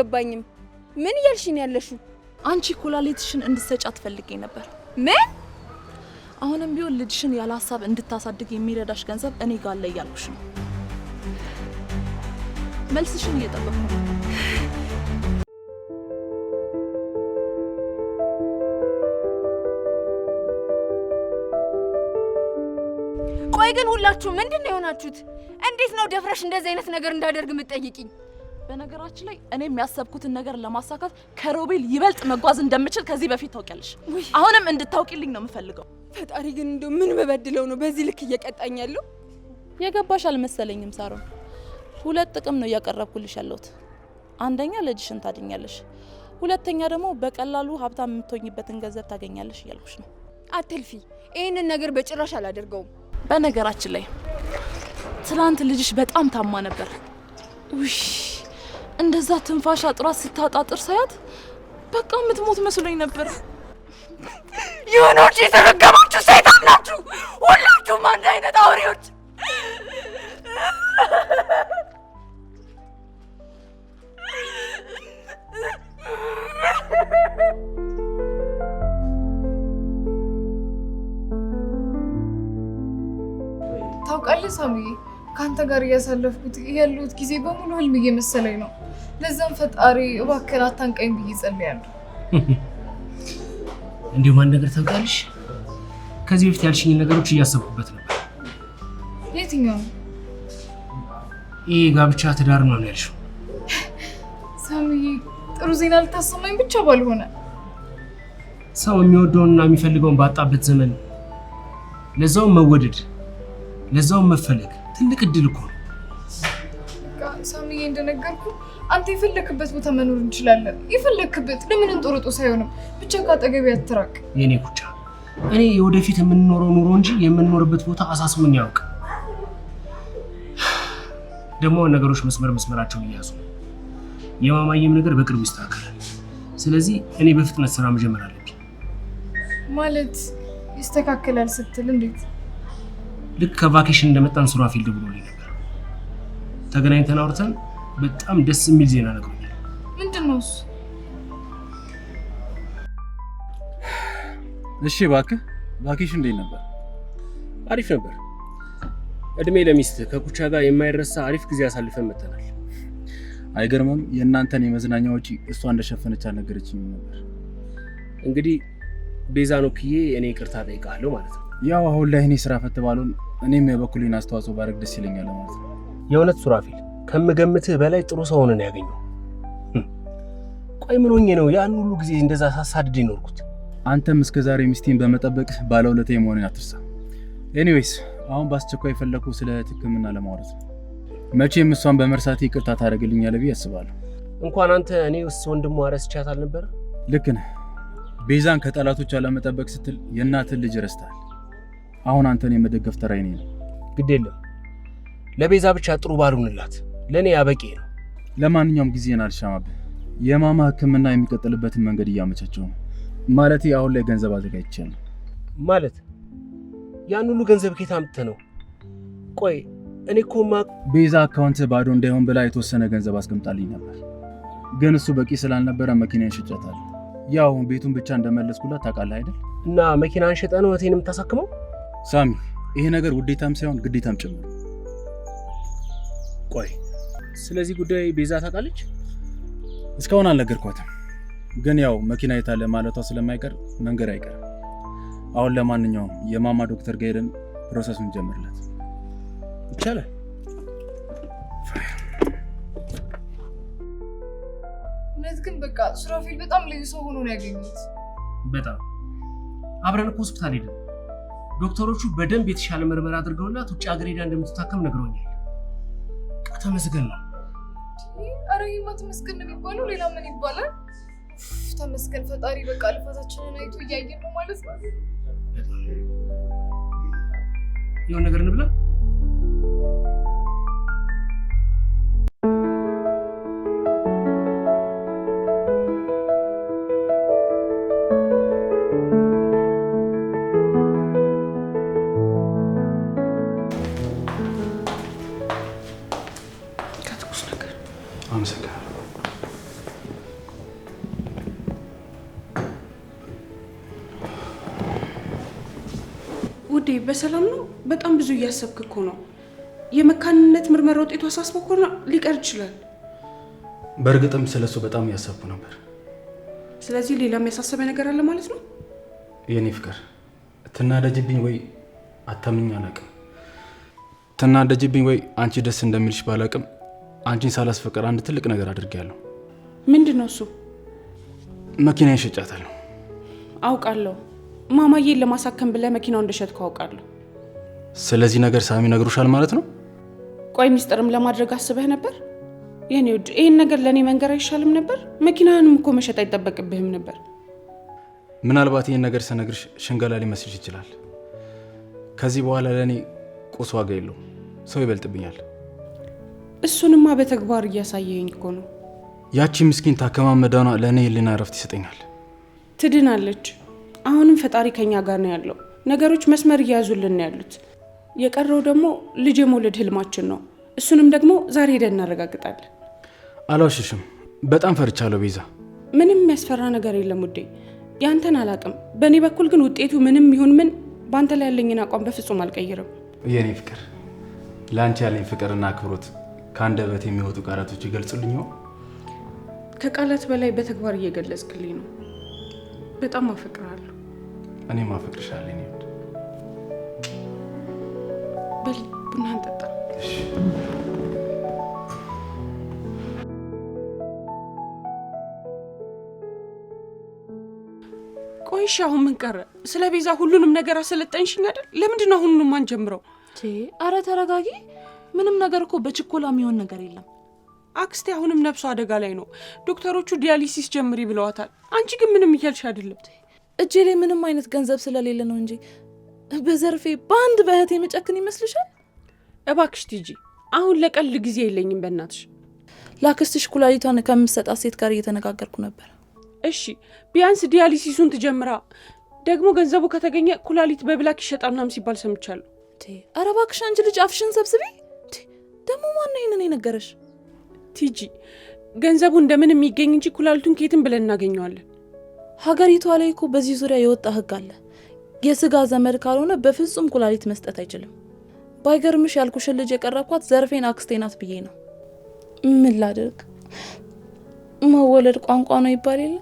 አልገባኝም። ምን እያልሽ ያለሽው? አንቺ ኩላሊትሽን እንድትሰጪ አትፈልጌ ነበር። ምን? አሁንም ቢሆን ልጅሽን ያለ ሀሳብ እንድታሳድግ የሚረዳሽ ገንዘብ እኔ ጋር አለ እያልኩሽ ነው። መልስሽን እየጠበቅኩ ነው። ቆይ ግን ሁላችሁ ምንድን ነው የሆናችሁት? እንዴት ነው ደፍረሽ እንደዚህ አይነት ነገር እንዳደርግ የምትጠይቅኝ? በነገራችን ላይ እኔ የሚያሰብኩትን ነገር ለማሳካት ከሮቤል ይበልጥ መጓዝ እንደምችል ከዚህ በፊት ታውቂያለሽ። አሁንም እንድታውቂልኝ ነው የምፈልገው። ፈጣሪ ግን እንደው ምን በበድለው ነው በዚህ ልክ እየቀጣኝ ያለው? የገባሽ አልመሰለኝም ሳሮን። ሁለት ጥቅም ነው እያቀረብኩልሽ ያለሁት። አንደኛ ልጅሽን ታድኛለሽ፣ ሁለተኛ ደግሞ በቀላሉ ሀብታም የምትሆኝበትን ገንዘብ ታገኛለሽ እያልኩሽ ነው። አትልፊ። ይህንን ነገር በጭራሽ አላደርገውም። በነገራችን ላይ ትናንት ልጅሽ በጣም ታማ ነበር። ውሽ እንደዛ ትንፋሽ አጥሯት ስታጣጥር ሳያት በቃ የምትሞት መስሎኝ ነበር። የሆኖች የተረገማችሁ ሰይጣን ናችሁ ሁላችሁም አንድ አይነት አውሬዎች። ታውቃለህ ሳሚ፣ ከአንተ ጋር እያሳለፍኩት ያለሁት ጊዜ በሙሉ ህልም እየመሰለኝ ነው። ለዛም ፈጣሪ እባክህን አታንቀኝ ብዬ ጸልያለሁ። እንዲሁም አንድ ነገር ታውቃለሽ፣ ከዚህ በፊት ያልሽኝ ነገሮች እያሰብኩበት ነበር። የትኛው? ይህ ጋብቻ ትዳር ነው ያልሽው። ሳምዬ፣ ጥሩ ዜና ልታሰማኝ ብቻ ባልሆነ። ሰው የሚወደውንና የሚፈልገውን ባጣበት ዘመን ለዛውም መወደድ ለዛውም መፈለግ ትልቅ እድል እኮ ነው። እንደነገርኩ አንተ የፈለክበት ቦታ መኖር እንችላለን። የፈለክበት ለምን እንጦርጦስ አይሆንም። ብቻ ከአጠገቤ አትራቅ። የኔ ኩቻ እኔ የወደፊት የምንኖረው ኑሮ እንጂ የምንኖርበት ቦታ አሳስቦኝ ያውቅ። ደግሞ ነገሮች መስመር መስመራቸውን እያዙ የማማየም ነገር በቅርቡ ይስተካከላል። ስለዚህ እኔ በፍጥነት ስራ መጀመር አለብኝ። ማለት ይስተካከላል ስትል እንዴት? ልክ ከቫኬሽን እንደመጣን ስራ ፊልድ ብሎ ነበር ተገናኝተን አውርተን በጣም ደስ የሚል ዜና ነግሮኛል። ምንድን ነው እሱ? እሺ እባክህ እባክሽ፣ እንዴት ነበር? አሪፍ ነበር። እድሜ ለሚስት ከኩቻ ጋር የማይረሳ አሪፍ ጊዜ አሳልፈን መተናል። አይገርምም? የእናንተን የመዝናኛ ወጪ እሷ እንደሸፈነች አልነገረችኝም ነበር። እንግዲህ ቤዛን ወክዬ እኔ ቅርታ ጠይቃለሁ ማለት ነው። ያው አሁን ላይ እኔ ስራ ፈት ባሉን እኔም የበኩሌን አስተዋጽኦ ባደርግ ደስ ይለኛል ማለት ነው። የእውነት ሱራፊል ከምገምትህ በላይ ጥሩ ሰው ነው ያገኘው። ቆይ ምን ሆኜ ነው ያን ሁሉ ጊዜ እንደዛ ሳሳድድ ይኖርኩት? አንተም እስከ ዛሬ ሚስቴን በመጠበቅ ባለውለታዬ መሆንን አትርሳ። ኤኒዌይስ አሁን በአስቸኳይ ፈለኩ ስለ ሕክምና ለማውራት ነው። መቼም እሷን በመርሳት ይቅርታ ታደርግልኛለህ ብዬ አስባለሁ። እንኳን አንተ እኔ ውስ ወንድሟ ረስቻት አልነበረ? ልክ ነህ። ቤዛን ከጠላቶች አለመጠበቅ ስትል የእናትን ልጅ ረስታል። አሁን አንተን የመደገፍ ተራዬ ነው። ግድ የለም ለቤዛ ብቻ ጥሩ ባልሆንላት ለእኔ ያበቂ ነው። ለማንኛውም ጊዜን አልሻማብን። የማማ ህክምና የሚቀጥልበትን መንገድ እያመቻቸው ነው። ማለት አሁን ላይ ገንዘብ ነው። ማለት ያን ሁሉ ገንዘብ ከየት አምጥተህ ነው? ቆይ እኔ ኮማ ቤዛ አካውንት ባዶ እንዳይሆን ብላ የተወሰነ ገንዘብ አስቀምጣልኝ ነበር፣ ግን እሱ በቂ ስላልነበረ መኪናን ሽጨታለሁ። ያው ቤቱን ብቻ እንደመለስኩላት ታውቃለህ አይደል? እና መኪናን ሸጠ ነው እህቴን የምታሳክመው? ሳሚ፣ ይሄ ነገር ውዴታም ሳይሆን ግዴታም ጭምር። ቆይ ስለዚህ ጉዳይ ቤዛ ታውቃለች? እስካሁን አልነገርኳትም፣ ግን ያው መኪና የታለ ማለቷ ስለማይቀር መንገድ አይቀርም። አሁን ለማንኛውም የማማ ዶክተር ጋር ሄደን ፕሮሰሱን ጀምርላት ይቻላል። እውነት ግን በቃ ሱራፌል በጣም ልዩ ሰው ሆኖ ነው ያገኙት። በጣም አብረን እኮ ሆስፒታል ሄደን ዶክተሮቹ በደንብ የተሻለ ምርመራ አድርገውላት ውጭ ሀገር ሄዳ እንደምትታከም ነግረውኛል። ተመስገን ነው። ኧረ ይህማ ተመስገን ነው የሚባለው። ሌላ ምን ይባላል? ተመስገን ፈጣሪ። በቃ ልፋታችንን አይቶ እያየን ነው ማለት ነው። የሆነ ነገር እንብላ በጣም ብዙ እያሰብክ እኮ ነው። የመካንነት ምርመራ ውጤቱ አሳስቦ እኮ ሊቀር ይችላል። በእርግጥም ስለሱ በጣም እያሰብኩ ነበር። ስለዚህ ሌላ የሚያሳሰበ ነገር አለ ማለት ነው። የኔ ፍቅር ትናደጅብኝ ወይ አታምኝ አላቅም። ትናደጅብኝ ወይ አንቺ ደስ እንደሚልሽ ባላቅም አንቺን ሳላስፈቅር አንድ ትልቅ ነገር አድርጌያለሁ። ምንድን ነው እሱ? መኪና ሸጫታለሁ። አውቃለሁ። ማማዬን ለማሳከም ብለህ መኪናው እንደሸጥከው አውቃለሁ። ስለዚህ ነገር ሳሚ ነግሮሻል ማለት ነው? ቆይ ሚስጥርም ለማድረግ አስበህ ነበር? የኔ ውድ ይህን ነገር ለእኔ መንገር አይሻልም ነበር? መኪናህንም እኮ መሸጥ አይጠበቅብህም ነበር። ምናልባት ይህን ነገር ስነግርሽ ሽንገላ ሊመስልሽ ይችላል። ከዚህ በኋላ ለእኔ ቁስ ዋጋ የለውም፣ ሰው ይበልጥብኛል። እሱንማ በተግባር እያሳየኝ እኮ ነው። ያቺ ምስኪን ታከማ መዳኗ ለእኔ ህሊና እረፍት ይሰጠኛል። ትድናለች። አሁንም ፈጣሪ ከኛ ጋር ነው ያለው። ነገሮች መስመር እየያዙልን ያሉት የቀረው ደግሞ ልጅ የመውለድ ህልማችን ነው። እሱንም ደግሞ ዛሬ ሄደን እናረጋግጣለን። አላውሽሽም፣ በጣም ፈርቻለሁ ቤዛ። ምንም የሚያስፈራ ነገር የለም ውዴ። ያንተን አላቅም፣ በእኔ በኩል ግን ውጤቱ ምንም ይሁን ምን በአንተ ላይ ያለኝን አቋም በፍጹም አልቀይርም። የእኔ ፍቅር፣ ለአንቺ ያለኝ ፍቅርና አክብሮት ከአንደበት የሚወጡ ቃላቶች ይገልጹልኝ ከቃላት በላይ በተግባር እየገለጽክልኝ ነው። በጣም አፈቅርሃለሁ። እኔም አፈቅርሻለሁ። በል ቡና እንጠጣ። ቆይሽ አሁን ምን ቀረ? ስለ ቤዛ ሁሉንም ነገር አሰለጠንሽኝ አይደል? ለምንድን ነው አሁኑንም ጀምረው? አረ ተረጋጊ። ምንም ነገር እኮ በችኮላ የሚሆን ነገር የለም። አክስቴ አሁንም ነፍሱ አደጋ ላይ ነው። ዶክተሮቹ ዲያሊሲስ ጀምሪ ብለዋታል። አንቺ ግን ምንም እያልሽ አይደለም። እጄ ላይ ምንም አይነት ገንዘብ ስለሌለ ነው እንጂ በዘርፌ በአንድ በእህቴ የመጨክን ይመስልሻል? እባክሽ ቲጂ፣ አሁን ለቀልድ ጊዜ የለኝም። በእናትሽ ላክስትሽ ኩላሊቷን ከምትሰጣት ሴት ጋር እየተነጋገርኩ ነበር። እሺ ቢያንስ ዲያሊሲሱን ትጀምራ። ደግሞ ገንዘቡ ከተገኘ ኩላሊት በብላክ ይሸጣል ምናምን ሲባል ሰምቻለሁ። ኧረ እባክሽ አንቺ ልጅ አፍሽን ሰብስቤ። ደግሞ ማነው ይህንን የነገረሽ? ቲጂ ገንዘቡ እንደምን የሚገኝ እንጂ ኩላሊቱን ኬትን ብለን እናገኘዋለን። ሀገሪቷ ላይ እኮ በዚህ ዙሪያ የወጣ ህግ አለ። የስጋ ዘመድ ካልሆነ በፍጹም ኩላሊት መስጠት አይችልም። ባይገርምሽ ያልኩሽን ልጅ የቀረብኳት ዘርፌን አክስቴ ናት ብዬ ነው። ምን ላድርግ፣ መወለድ ቋንቋ ነው ይባል የለ።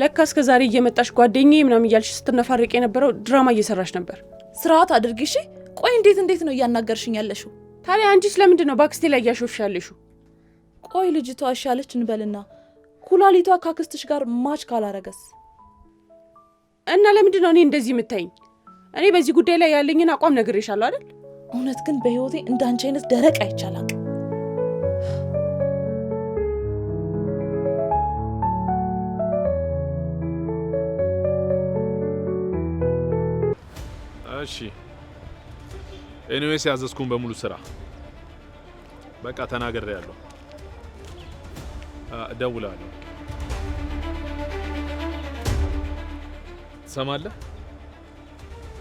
ለካ እስከ ዛሬ እየመጣሽ ጓደኛዬ ምናምን እያልሽ ስትነፋርቅ የነበረው ድራማ እየሰራሽ ነበር። ስርዓት አድርጊሽ። ቆይ እንዴት እንዴት ነው እያናገርሽኝ ያለሽው? ታዲያ አንቺስ ለምንድን ነው በአክስቴ ላይ እያሾፍሽ ያለሽው? ቆይ ልጅቷ እሻለች እንበልና ኩላሊቷ ካክስትሽ ጋር ማች ካላረገስ እና ለምንድን ነው እኔ እንደዚህ የምታይኝ? እኔ በዚህ ጉዳይ ላይ ያለኝን አቋም ነግሬሻለሁ አይደል? እውነት ግን በህይወቴ እንደ አይነት ደረቅ አይቻላቅ እሺ ኤኒዌይስ ያዘዝኩን በሙሉ ስራ በቃ ተናግሬያለሁ፣ እደውላለሁ ትሰማለህ?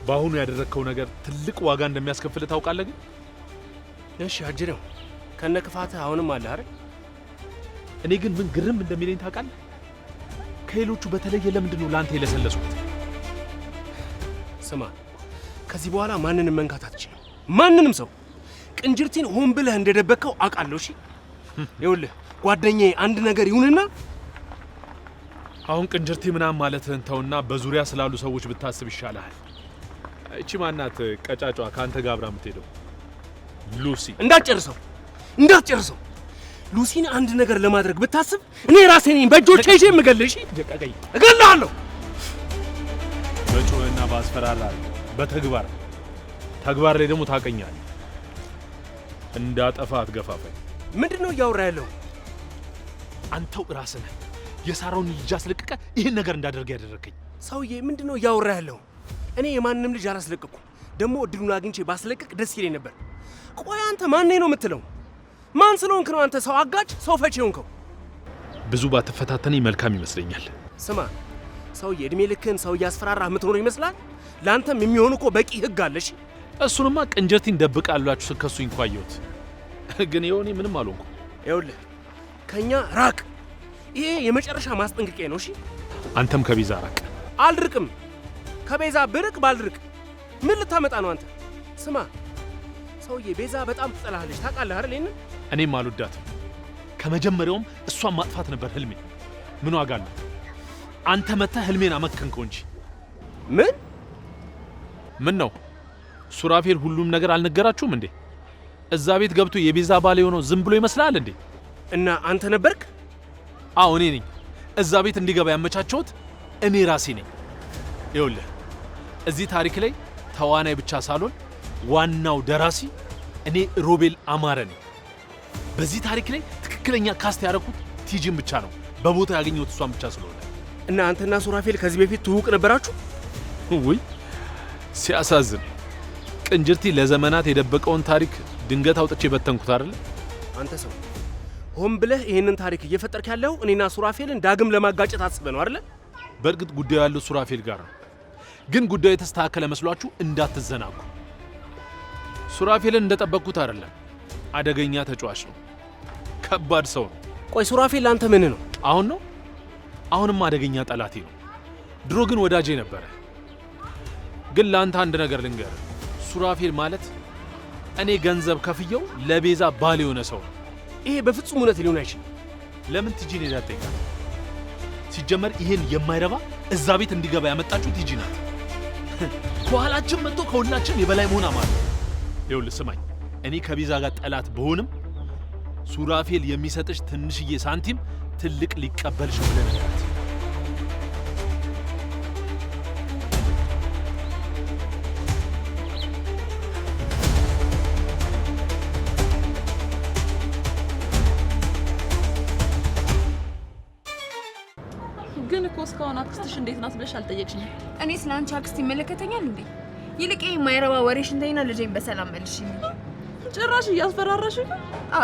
በአሁኑ ያደረግከው ነገር ትልቅ ዋጋ እንደሚያስከፍልህ ታውቃለህ። ግን እሺ አጅሬው ከነ ክፋትህ አሁንም አለ አይደል? እኔ ግን ምን ግርም እንደሚለኝ ታውቃለህ? ከሌሎቹ በተለየ ለምንድን ነው ለአንተ የለሰለሱት? ስማ፣ ከዚህ በኋላ ማንንም መንካት አትችልም። ማንንም ሰው ቅንጅርቲን ሆን ብለህ እንደደበቅከው አውቃለሁ። እሺ ይኸውልህ ጓደኛዬ አንድ ነገር ይሁንና አሁን ቅንጅርቲ ምናምን ማለትህን ተውና በዙሪያ ስላሉ ሰዎች ብታስብ ይሻላል። እቺ ማናት ቀጫጫ ከአንተ ጋር አብራ የምትሄደው ሉሲ? እንዳትጨርሰው እንዳትጨርሰው። ሉሲን አንድ ነገር ለማድረግ ብታስብ እኔ ራሴ ነኝ በእጆቼ ይዤ የምገልሽ። እገልሃለሁ። በጩኸና ባስፈራራ በተግባር ተግባር ላይ ደግሞ ታቀኛል። እንዳጠፋ አትገፋፈኝ። ምንድን ነው እያወራ ያለው? አንተው ራስህ ነህ የሳራውን ልጅ አስለቅቀ ይህን ነገር እንዳደርገ ያደረከኝ። ሰውዬ ምንድን ነው እያወራ ያለው? እኔ የማንም ልጅ አላስለቀኩም? ደግሞ እድሉን አግኝቼ ባስለቅቅ ደስ ይለኝ ነበር። ቆይ አንተ ማን ነው የምትለው? ማን ስለሆንክ ነው አንተ ሰው አጋጭ፣ ሰው ፈች ሆንከው ብዙ ባትፈታተነኝ መልካም ይመስለኛል። ስማ ሰውዬ፣ እድሜ ልክህን ሰው እያስፈራራ የምትኖር ይመስላል። ለአንተም የሚሆን እኮ በቂ ህግ አለሽ። እሱንማ ቅንጀቴን ደብቃላችሁ ስከሱኝ እንኳ አየሁት፣ ግን የሆኔ ምንም አልሆንኩ። ይኸውልህ ከእኛ ራቅ ይሄ የመጨረሻ ማስጠንቀቂያ ነው። እሺ፣ አንተም ከቤዛ ራቅ። አልርቅም። ከቤዛ ብርቅ ባልርቅ ምን ልታመጣ ነው አንተ? ስማ ሰውዬ፣ ቤዛ በጣም ትጠላሃለች ታውቃለህ አይደል? ይሄንን እኔም አልወዳትም። ከመጀመሪያውም እሷን ማጥፋት ነበር ህልሜ። ምን ዋጋ አለው? አንተ መጥተህ ህልሜን አመከንከው እንጂ። ምን ምን ነው ሱራፌል፣ ሁሉም ነገር አልነገራችሁም እንዴ? እዛ ቤት ገብቶ የቤዛ ባል የሆነው ዝም ብሎ ይመስላል እንዴ? እና አንተ ነበርክ አዎ እኔ ነኝ። እዛ ቤት እንዲገባ ያመቻቸውት እኔ ራሴ ነኝ። ይኸውልህ እዚህ ታሪክ ላይ ተዋናይ ብቻ ሳልሆን ዋናው ደራሲ እኔ ሮቤል አማረ ነኝ። በዚህ ታሪክ ላይ ትክክለኛ ካስት ያደረኩት ቲጂን ብቻ ነው። በቦታ ያገኘሁት እሷን ብቻ ስለሆነ እና አንተና ሱራፌል ከዚህ በፊት ትውውቅ ነበራችሁ? ውይ ሲያሳዝን፣ ቅንጅርቲ ለዘመናት የደበቀውን ታሪክ ድንገት አውጥቼ በተንኩት አይደለ አንተ ሰው ሆን ብለህ ይህንን ታሪክ እየፈጠርክ ያለው እኔና ሱራፌልን ዳግም ለማጋጨት አስበህ ነው አይደለ? በእርግጥ ጉዳዩ ያለው ሱራፌል ጋር ነው፣ ግን ጉዳዩ የተስተካከለ መስሏችሁ እንዳትዘናጉ። ሱራፌልን እንደጠበቅኩት አይደለም። አደገኛ ተጫዋች ነው፣ ከባድ ሰው ነው። ቆይ ሱራፌል ለአንተ ምን ነው? አሁን ነው አሁንም አደገኛ ጠላቴ ነው። ድሮ ግን ወዳጄ ነበረ። ግን ለአንተ አንድ ነገር ልንገር፣ ሱራፌል ማለት እኔ ገንዘብ ከፍየው ለቤዛ ባል የሆነ ሰው ነው። ይሄ በፍጹም እውነት ሊሆን አይችልም። ለምን ቲጂ ሄዳ ጠይቃት። ሲጀመር ይሄን የማይረባ እዛ ቤት እንዲገባ ያመጣችሁ ቲጂ ናት። ከኋላችን መጥቶ ከሁላችን የበላይ መሆን አማረ። ይኸውልህ ስማኝ፣ እኔ ከቤዛ ጋር ጠላት ብሆንም ሱራፌል የሚሰጥሽ ትንሽዬ ሳንቲም ትልቅ ሊቀበልሽ ብለህ እስካሁን አክስትሽ እንዴት ናት ብለሽ አልጠየቅሽኝ። እኔ ስለ አንቺ አክስት ይመለከተኛል እንዴ? ይልቅ ይሄ ማይረባ ወሬሽን ተይና ልጄን በሰላም መልሽኝ። ጭራሽ እያስፈራራሽ?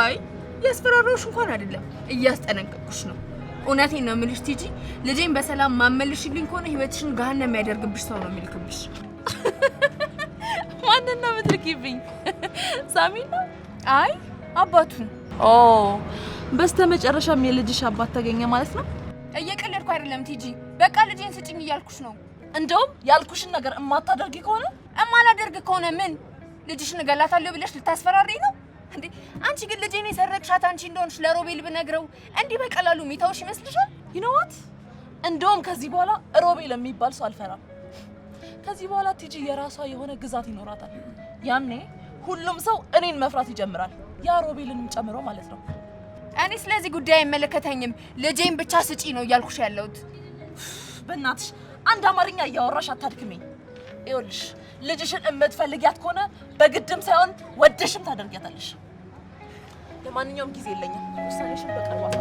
አይ እያስፈራራሽ እንኳን አይደለም እያስጠነቀቅኩሽ ነው። እውነቴን ነው የምልሽ ቲጂ፣ ልጄን በሰላም ማመልሽልኝ ከሆነ ህይወትሽን ገሀነም የሚያደርግብሽ ሰው ነው የሚልክብሽ። ማንን ነው የምትልኪብኝ? ሳሚን ነው? አይ አባቱን። ኦ በስተመጨረሻም የልጅሽ አባት ተገኘ ማለት ነው። እየቀለድኩ አይደለም ቲጂ፣ በቃ ልጄን ስጭኝ እያልኩሽ ነው። እንደውም ያልኩሽን ነገር እማታደርጊ ከሆነ እማላደርግ ከሆነ ምን ልጅሽን እገላታለሁ ብለሽ ልታስፈራሪ ነው እንዴ? አንቺ ግን ልጄን የሰረቅሻት አንቺ እንደሆንሽ ለሮቤል ብነግረው እንዲህ በቀላሉ ሚታውሽ ይመስልሻል? ይነዋት። እንደውም ከዚህ በኋላ ሮቤል የሚባል ሰው አልፈራም። ከዚህ በኋላ ቲጂ የራሷ የሆነ ግዛት ይኖራታል። ያኔ ሁሉም ሰው እኔን መፍራት ይጀምራል። ያ ሮቤልንም ጨምሮ ማለት ነው። እኔ ስለዚህ ጉዳይ አይመለከተኝም። ልጄን ብቻ ስጪ ነው እያልኩሽ ያለሁት። በእናትሽ አንድ አማርኛ እያወራሽ አታድክሚኝ። ይኸውልሽ ልጅሽን እምትፈልጊያት ከሆነ በግድም ሳይሆን ወደሽም ታደርጊያታለሽ። ለማንኛውም ጊዜ የለኝም። ውሳኔሽን በቅርቡ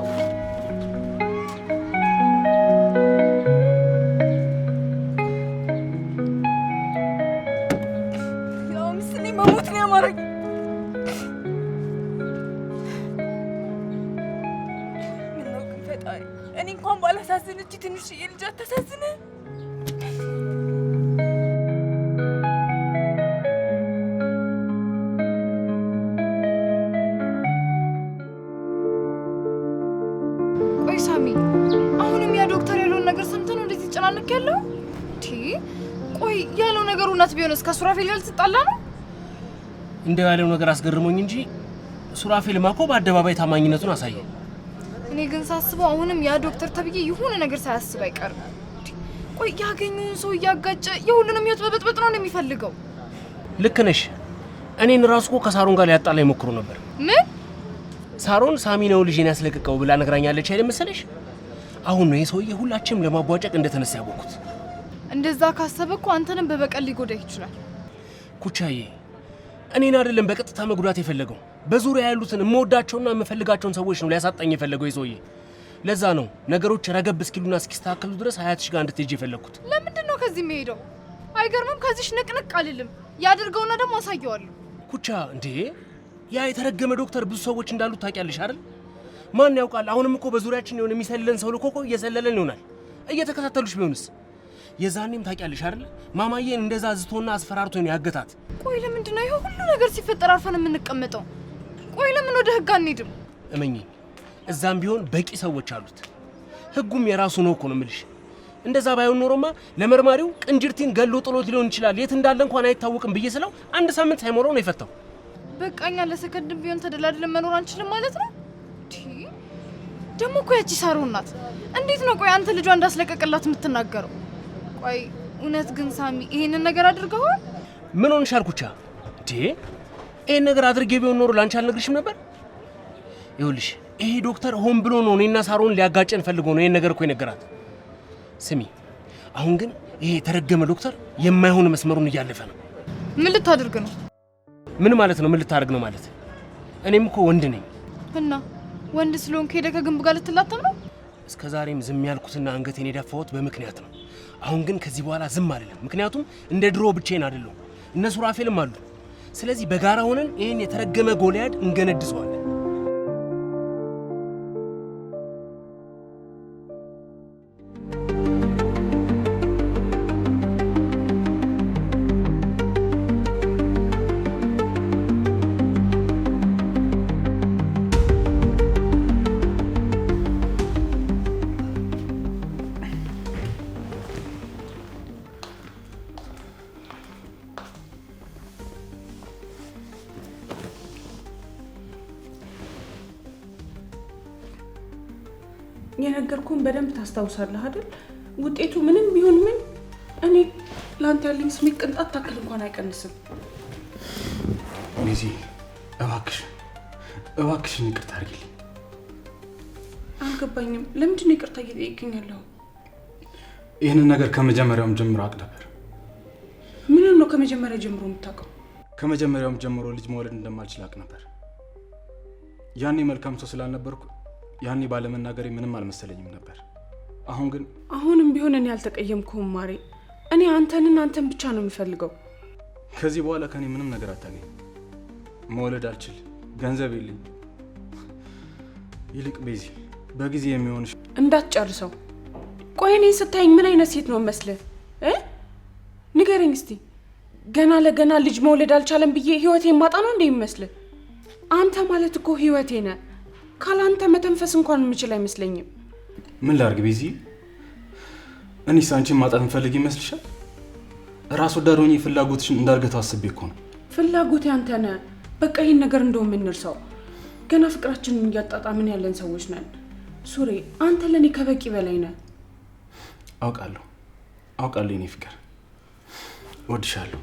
ወይስ ከሱራፌል ጋር ልትጣላ ነው? እንደ ያለው ነገር አስገርሞኝ እንጂ ሱራፌልማ እኮ በአደባባይ ታማኝነቱን አሳየ። እኔ ግን ሳስበው አሁንም ያ ዶክተር ተብዬ የሆነ ነገር ሳያስብ አይቀርም። ቆይ ያገኘውን ሰው እያጋጨ የሁሉንም ሕይወት በበጥበጥ ነው የሚፈልገው። ልክ ነሽ። እኔን ራሱ እኮ ከሳሮን ጋር ሊያጣላ ይሞክሩ ነበር። ምን? ሳሮን ሳሚ ነው ልጄን ያስለቅቀው ብላ ነግራኛለች አይደል መሰለሽ? አሁን ነው ይህ ሰውዬ ሁላችንም ለማቧጨቅ እንደተነሳ ያወቅሁት። እንደዛ ካሰበ እኮ አንተንም በበቀል ሊጎዳ ይችላል። ኩቻዬ እኔን አይደለም በቀጥታ መጉዳት የፈለገው በዙሪያ ያሉትን የምወዳቸውና የምፈልጋቸውን ሰዎች ነው ሊያሳጣኝ የፈለገው የሰውዬ። ለዛ ነው ነገሮች ረገብ እስኪሉና እስኪስተካከሉ ድረስ ሀያትሽ ጋር እንድትሄጂ የፈለግኩት። ለምንድን ነው ከዚህ የሚሄደው? አይገርምም። ከዚሽ ንቅንቅ አልልም። ያደርገውና ደግሞ አሳየዋለሁ። ኩቻ እንዴ፣ ያ የተረገመ ዶክተር ብዙ ሰዎች እንዳሉት ታውቂያለሽ አይደል? ማን ያውቃል? አሁንም እኮ በዙሪያችን የሆነ የሚሰልለን ሰው ልኮ እየሰለለን ይሆናል። እየተከታተሉሽ ቢሆንስ የዛኔም ታውቂያለሽ አይደል ማማዬን እንደዛ ዝቶና አስፈራርቶ ነው ያገታት። ቆይ ለምንድን ነው ይሄ ሁሉ ነገር ሲፈጠር አርፈን የምንቀመጠው? ቆይ ለምን ወደ ህግ አንሄድም? እመኚ እዛም ቢሆን በቂ ሰዎች አሉት። ህጉም የራሱ ነው እኮ ነው የምልሽ። እንደዛ ባይሆን ኖሮማ ለመርማሪው ቅንጅርቲን ገሎ ጥሎት ሊሆን ይችላል። የት እንዳለ እንኳን አይታወቅም ብዬ ስለው አንድ ሳምንት ሳይሞላው ነው የፈታው። በቃኛ ለሰከንድም ቢሆን ተደላድለን መኖር አንችልም ማለት ነው። ደግሞ እኮ ያቺ ሳሮን እንዴት ነው ቆይ አንተ ልጇ እንዳስለቀቅላት የምትናገረው? ቆይ እውነት ግን ሳሚ ይሄንን ነገር አድርገዋል? ምን ሆንሽ አልኩቻ እንዴ? ይሄን ነገር አድርጌ ቢሆን ኖሮ ላንቺ አልነግርሽም ነበር። ይኸውልሽ ይሄ ዶክተር ሆን ብሎ ነው እኔና ሳሮን ሊያጋጨን ፈልጎ ነው ይሄን ነገር እኮ የነገራት። ስሚ አሁን ግን ይሄ የተረገመ ዶክተር የማይሆን መስመሩን እያለፈ ነው። ምን ልታደርግ ነው? ምን ማለት ነው? ምን ልታደርግ ነው ማለት? እኔም እኮ ወንድ ነኝ እና ወንድ ስለሆንክ ሄደህ ከግንብ ጋር ልትላተም ነው? እስከ ዛሬም ዝም ያልኩትና አንገቴን የደፋሁት በምክንያት ነው። አሁን ግን ከዚህ በኋላ ዝም አይደለም። ምክንያቱም እንደ ድሮ ብቻዬን አይደለሁም፣ እነ ሱራፌልም አሉ። ስለዚህ በጋራ ሆነን ይህን የተረገመ ጎልያድ እንገነድሰዋለን። የነገርኩህን በደንብ ታስታውሳለህ አይደል? ውጤቱ ምንም ቢሆን ምን እኔ ለአንተ ያለኝ ስሜት ቅንጣት ታክል እንኳን አይቀንስም። ሜዚ እባክሽ እባክሽን ይቅርታ አድርጊልኝ። አልገባኝም። ለምንድን ነው ይቅርታ እየጠየቅኝ ያለሁ? ይህንን ነገር ከመጀመሪያውም ጀምሮ አቅ ነበር። ምንም ነው ከመጀመሪያ ጀምሮ የምታውቀው? ከመጀመሪያውም ጀምሮ ልጅ መውለድ እንደማልችል አቅ ነበር። ያኔ መልካም ሰው ስላልነበርኩ ያኔ ባለመናገሬ ምንም አልመሰለኝም ነበር። አሁን ግን አሁንም ቢሆን እኔ አልተቀየምኩም ማሬ። እኔ አንተንን አንተን ብቻ ነው የምፈልገው። ከዚህ በኋላ ከኔ ምንም ነገር አታገኝ። መውለድ አልችል፣ ገንዘብ የለኝ። ይልቅ ቤዚ በጊዜ የሚሆንሽ እንዳትጨርሰው። ቆይ እኔን ስታየኝ ምን አይነት ሴት ነው መስልህ? ንገረኝ እስቲ። ገና ለገና ልጅ መውለድ አልቻለም ብዬ ህይወቴን ማጣ ነው እንደ ይመስልህ? አንተ ማለት እኮ ህይወቴ ነህ። ካላንተ መተንፈስ እንኳን የምችል አይመስለኝም። ምን ላርግ ቤዚ? እኔስ አንቺን ማጣት እንፈልግ ይመስልሻል? ራስ ወዳድ ሆኜ ፍላጎትሽን እንዳርገ ታስቤ እኮ ነው። ፍላጎት ያንተ ነህ። በቃ ይህን ነገር እንደው የምንርሰው ገና ፍቅራችንን እያጣጣምን ያለን ሰዎች ነን። ሱሬ አንተ ለእኔ ከበቂ በላይ ነህ። አውቃለሁ፣ አውቃለሁ የኔ ፍቅር፣ ወድሻለሁ።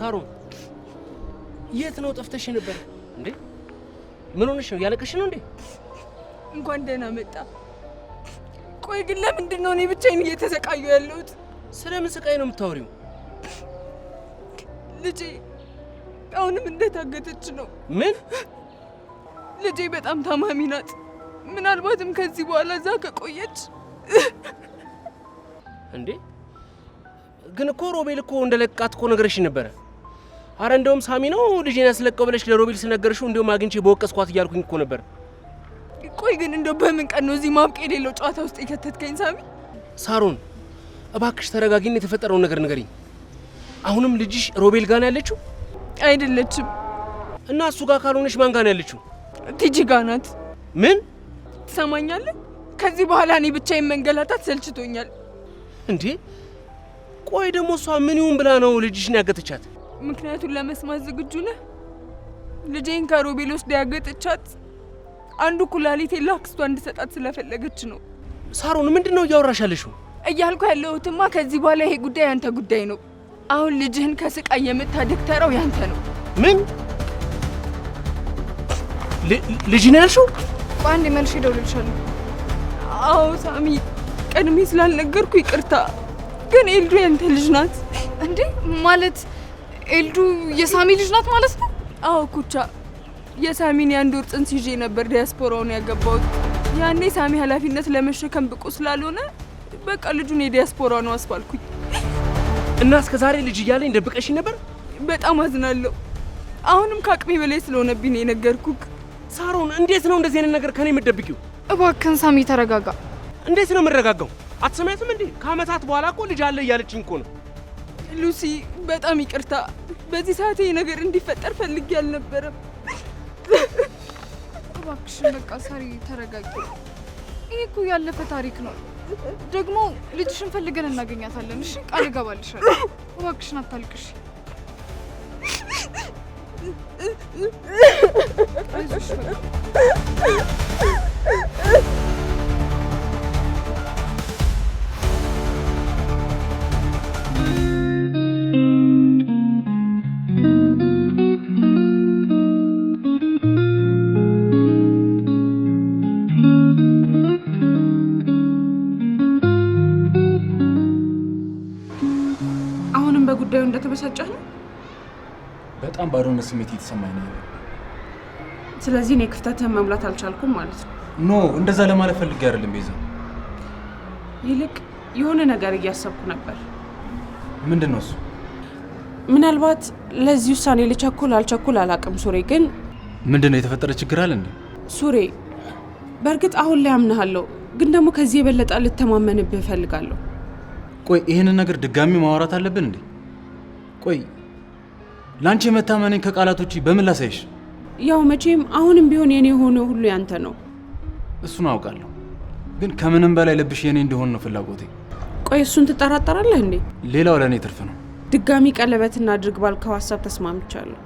ሳሮን የት ነው ጠፍተሽ ነበር እንዴ? ምን ሆነሽ ነው? እያለቀሽ ነው እንዴ? እንኳን ደህና መጣ። ቆይ ግን ለምንድን ነው እኔ ብቻዬን እየተሰቃዩ ያለሁት? ስለምን ስቃይ ነው የምታወሪው? ልጄ አሁንም እንደታገተች ነው። ምን? ልጄ በጣም ታማሚ ናት። ምናልባትም ከዚህ በኋላ እዛ ከቆየች እንዴ። ግን እኮ ሮቤል እኮ እንደ ለቃት እኮ ነገረሽ ነበረ አረ እንደውም ሳሚ ነው ልጅ ያስለቀው ብለሽ ለሮቤል ስነገርሽው እንደውም አግኝቼ በወቀስኳት እያልኩኝ እኮ ነበር። ቆይ ግን እንደው በምን ቀን ነው እዚህ ማብቅ የሌለው ጨዋታ ውስጥ የከተትከኝ ሳሚ? ሳሮን እባክሽ ተረጋጊን፣ የተፈጠረውን ነገር ንገሪኝ። አሁንም ልጅሽ ሮቤል ጋር ነው ያለችው? አይደለችም። እና እሱ ጋር ካልሆነች ማን ጋር ነው ያለችው? ቲጂ ጋር ናት። ምን ትሰማኛለህ? ከዚህ በኋላ እኔ ብቻዬን መንገላታት ሰልችቶኛል። እንዴ ቆይ ደግሞ እሷ ምን ይሁን ብላ ነው ልጅሽን ያገተቻት? ምክንያቱን ለመስማት ዝግጁ ነህ? ልጄን ከሮቤል ውስጥ ያገጠቻት አንዱ ኩላሊቴ ለአክስቷ እንድሰጣት ስለፈለገች ነው። ሳሮን ምንድን ነው እያወራሽ ያለሽው? እያልኩ ያለሁትማ ከዚህ በኋላ ይሄ ጉዳይ ያንተ ጉዳይ ነው። አሁን ልጅህን ከስቃይ የምታደግ ተራው ያንተ ነው። ምን ልጅ ነው ያልሽው? በአንድ መልሽ እደውልልሻለሁ። አዎ ሳሚ፣ ቀድሜ ስላልነገርኩ ይቅርታ። ግን ኤልዱ ያንተ ልጅ ናት እንዴ ማለት ኤልዱ የሳሚ ልጅ ናት ማለት ነው? አዎ ኩቻ፣ የሳሚን የአንድ ወር ጽንስ ይዤ ነበር ዲያስፖራውን ያገባሁት። ያኔ ሳሚ ኃላፊነት ለመሸከም ብቁ ስላልሆነ በቃ ልጁን የዲያስፖራ ነው አስባልኩኝ። እና እስከ ዛሬ ልጅ እያለኝ ደብቀሽ ነበር? በጣም አዝናለሁ። አሁንም ከአቅሜ በላይ ስለሆነብኝ ነው የነገርኩክ። ሳሮን፣ እንዴት ነው እንደዚህ አይነት ነገር ከኔ የምትደብቂው? እባክህን ሳሚ ተረጋጋ። እንዴት ነው የምረጋጋው? አትሰማያትም እንዴ? ከአመታት በኋላ እኮ ልጅ አለ እያለችኝ እኮ ነው። ሉሲ፣ በጣም ይቅርታ በዚህ ሰዓት ይሄ ነገር እንዲፈጠር ፈልጌ አልነበረም። እባክሽን በቃ ሳሪ ተረጋጊ። ይሄ እኮ ያለፈ ታሪክ ነው። ደግሞ ልጅሽን ፈልገን እናገኛታለን። እሺ ቃል እገባልሻለሁ። እባክሽን አታልቅሽ። አይዞሽ በቃ የብቸኝነት ስሜት እየተሰማኝ ነው። ስለዚህ እኔ ክፍተትህን መሙላት አልቻልኩም ማለት ነው? ኖ እንደዛ ለማለት ፈልጌ አይደለም ቤዛ። ይልቅ የሆነ ነገር እያሰብኩ ነበር። ምንድን ነው እሱ? ምናልባት ለዚህ ውሳኔ ልቸኩል አልቸኩል አላውቅም። ሱሬ ግን ምንድን ነው የተፈጠረ ችግር አለ እንዴ? ሱሬ በእርግጥ አሁን ላይ አምናሃለሁ፣ ግን ደግሞ ከዚህ የበለጠ ልተማመንብህ እፈልጋለሁ። ቆይ ይህንን ነገር ድጋሚ ማውራት አለብን እንዴ? ቆይ ለአንቺ የመታመነኝ ከቃላቶች በምን ላሳይሽ? ያው መቼም አሁንም ቢሆን የኔ የሆነ ሁሉ ያንተ ነው። እሱን አውቃለሁ፣ ግን ከምንም በላይ ልብሽ የኔ እንደሆን ነው ፍላጎቴ። ቆይ እሱን ትጠራጠራለህ እንዴ? ሌላው ለእኔ ትርፍ ነው። ድጋሚ ቀለበት እናድርግ ባልከው ሀሳብ ተስማምቻለሁ።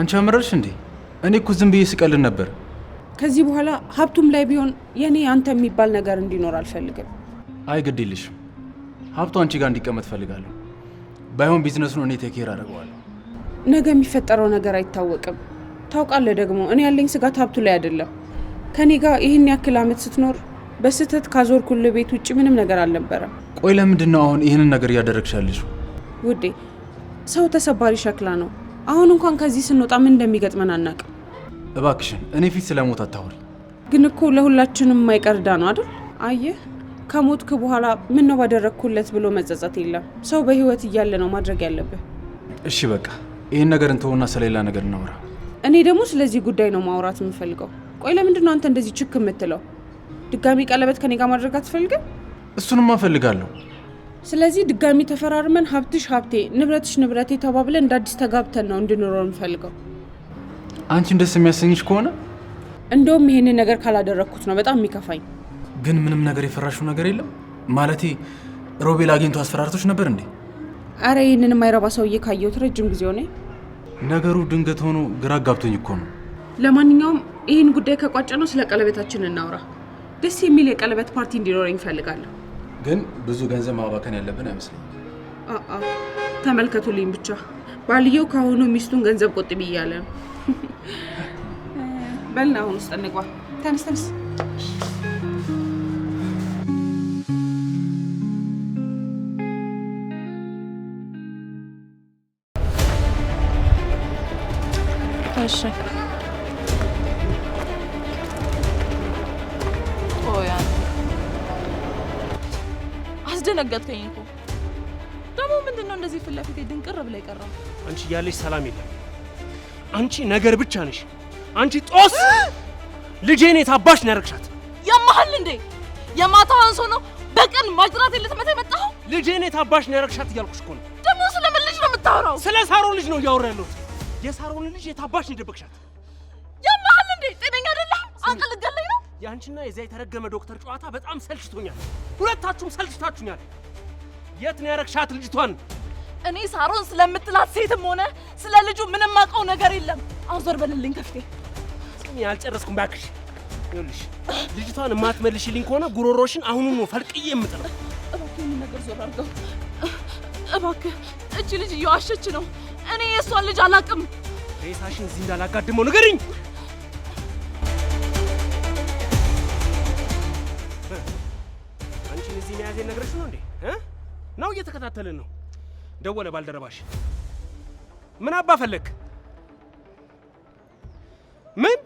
አንቺ አመረርሽ እንዴ? እኔ እኮ ዝም ብዬ ስቀልን ነበር። ከዚህ በኋላ ሀብቱም ላይ ቢሆን የኔ አንተ የሚባል ነገር እንዲኖር አልፈልግም። አይ ግድልሽ፣ ሀብቱ አንቺ ጋር እንዲቀመጥ ፈልጋለሁ። ባይሆን ቢዝነሱን እኔ ቴክ ኬር አደርገዋለሁ። ነገ የሚፈጠረው ነገር አይታወቅም። ታውቃለህ ደግሞ እኔ ያለኝ ስጋት ሀብቱ ላይ አይደለም። ከኔ ጋር ይህን ያክል አመት ስትኖር በስህተት ኩል ቤት ውጭ ምንም ነገር አልነበረም። ቆይ ለምንድን ነው አሁን ይህንን ነገር እያደረግሻለሽ? ውዴ ሰው ተሰባሪ ሸክላ ነው። አሁን እንኳን ከዚህ ስንወጣ ምን እንደሚገጥመን አናውቅም። እባክሽን እኔ ፊት ስለ ሞት አታውሪ። ግን እኮ ለሁላችንም የማይቀርዳ ነው አይደል? አየህ ከሞትክ በኋላ ምን ነው ባደረግኩለት ብሎ መጸጸት የለም። ሰው በህይወት እያለ ነው ማድረግ ያለብህ። እሺ በቃ ይህን ነገር እንተውና ስለሌላ ነገር እናወራ። እኔ ደግሞ ስለዚህ ጉዳይ ነው ማውራት የምፈልገው። ቆይ ለምንድን ነው አንተ እንደዚህ ችክ የምትለው? ድጋሚ ቀለበት ከኔ ጋር ማድረግ አትፈልግም? እሱንም እፈልጋለሁ። ስለዚህ ድጋሚ ተፈራርመን ሀብትሽ ሀብቴ፣ ንብረትሽ ንብረቴ ተባብለን እንደ አዲስ ተጋብተን ነው እንድኖረው የምፈልገው። አንቺን ደስ የሚያሰኝሽ ከሆነ እንደውም ይሄንን ነገር ካላደረግኩት ነው በጣም የሚከፋኝ። ግን ምንም ነገር የፈራሽው ነገር የለም? ማለቴ ሮቤል አግኝቶ አስፈራርቶች ነበር እንዴ? አረ ይህንን የማይረባ ሰውዬ ካየሁት ረጅም ጊዜ ሆነ። ነገሩ ድንገት ሆኖ ግራ ጋብቶኝ እኮ ነው። ለማንኛውም ይህን ጉዳይ ከቋጨ ነው ስለ ቀለበታችን እናውራ። ደስ የሚል የቀለበት ፓርቲ እንዲኖረኝ እፈልጋለሁ። ግን ብዙ ገንዘብ ማባከን ያለብን አይመስለኝም። ተመልከቱልኝ ብቻ ባልየው ከአሁኑ ሚስቱን ገንዘብ ቆጥቢ እያለ ነው። በልና አሁን ውስጥ እንግባ። ተነስ ተነስ Aşağı. ኦ ያን አስደነገጥከኝ እኮ። ደግሞ ምንድን ነው እንደዚህ ፊት ለፊቴ ድንቅር ብላ የቀረው? አንቺ እያለሽ ሰላም የለም። አንቺ ነገር ብቻ ነሽ። አንቺ ጦስ ልጄን የታባሽ ነው ያደረግሻት። ያማሃል እንዴ? የማታዋን ሰው ነው በቀን ማጅራት ልትመታ የመጣኸው? ልጄን የታባሽ ነው ያደረግሻት እያልኩሽ እኮ ነው። ደግሞ ስለምን ልጅ ነው የምታወራው? ስለ ሳሮ ልጅ ነው እያወራ ያለሁት። የሳሮን ልጅ የታባሽ እንደበቅሻት ያማህል እንዴ? ጤነኛ አይደለህም። አንቀል ገለኝ ነው የአንቺና የዚያ የተረገመ ዶክተር ጨዋታ በጣም ሰልችቶኛል። ሁለታችሁም ሰልችታችሁኛል። የት ነው ያረግሻት ልጅቷን? እኔ ሳሮን ስለምትላት ሴትም ሆነ ስለ ልጁ ምንም አውቀው ነገር የለም። አሁን ዞር በልልኝ ከፍቴ። እኔ አልጨረስኩም እባክሽ። ይኸውልሽ ልጅቷን የማትመልሽልኝ ከሆነ ጉሮሮሽን አሁኑኑ ፈልቅዬ የምጥለው። እባክህ ምን ነገር ዞር አድርገው እባክህ። እቺ ልጅ እየዋሸች ነው እኔ የእሷን ልጅ አላቅም። ሬሳሽን እዚህ እንዳላጋድመው ንገሪኝ። አንቺን እዚህ መያዜ ነገረች ነው እንዴ? ነው እየተከታተልን ነው። ደወለ ባልደረባሽ። ምን አባ ፈለግ? ምን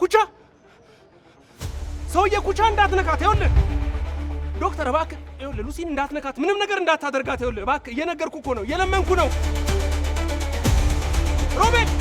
ኩቻ ሰውዬ ኩቻ እንዳትነካት። ይኸውልህ ዶክተር እባክህ፣ ይኸውልህ ሉሲን እንዳትነካት፣ ምንም ነገር እንዳታደርጋት። ይኸውልህ እባክህ፣ እየነገርኩ እኮ ነው፣ እየለመንኩ ነው። Robert!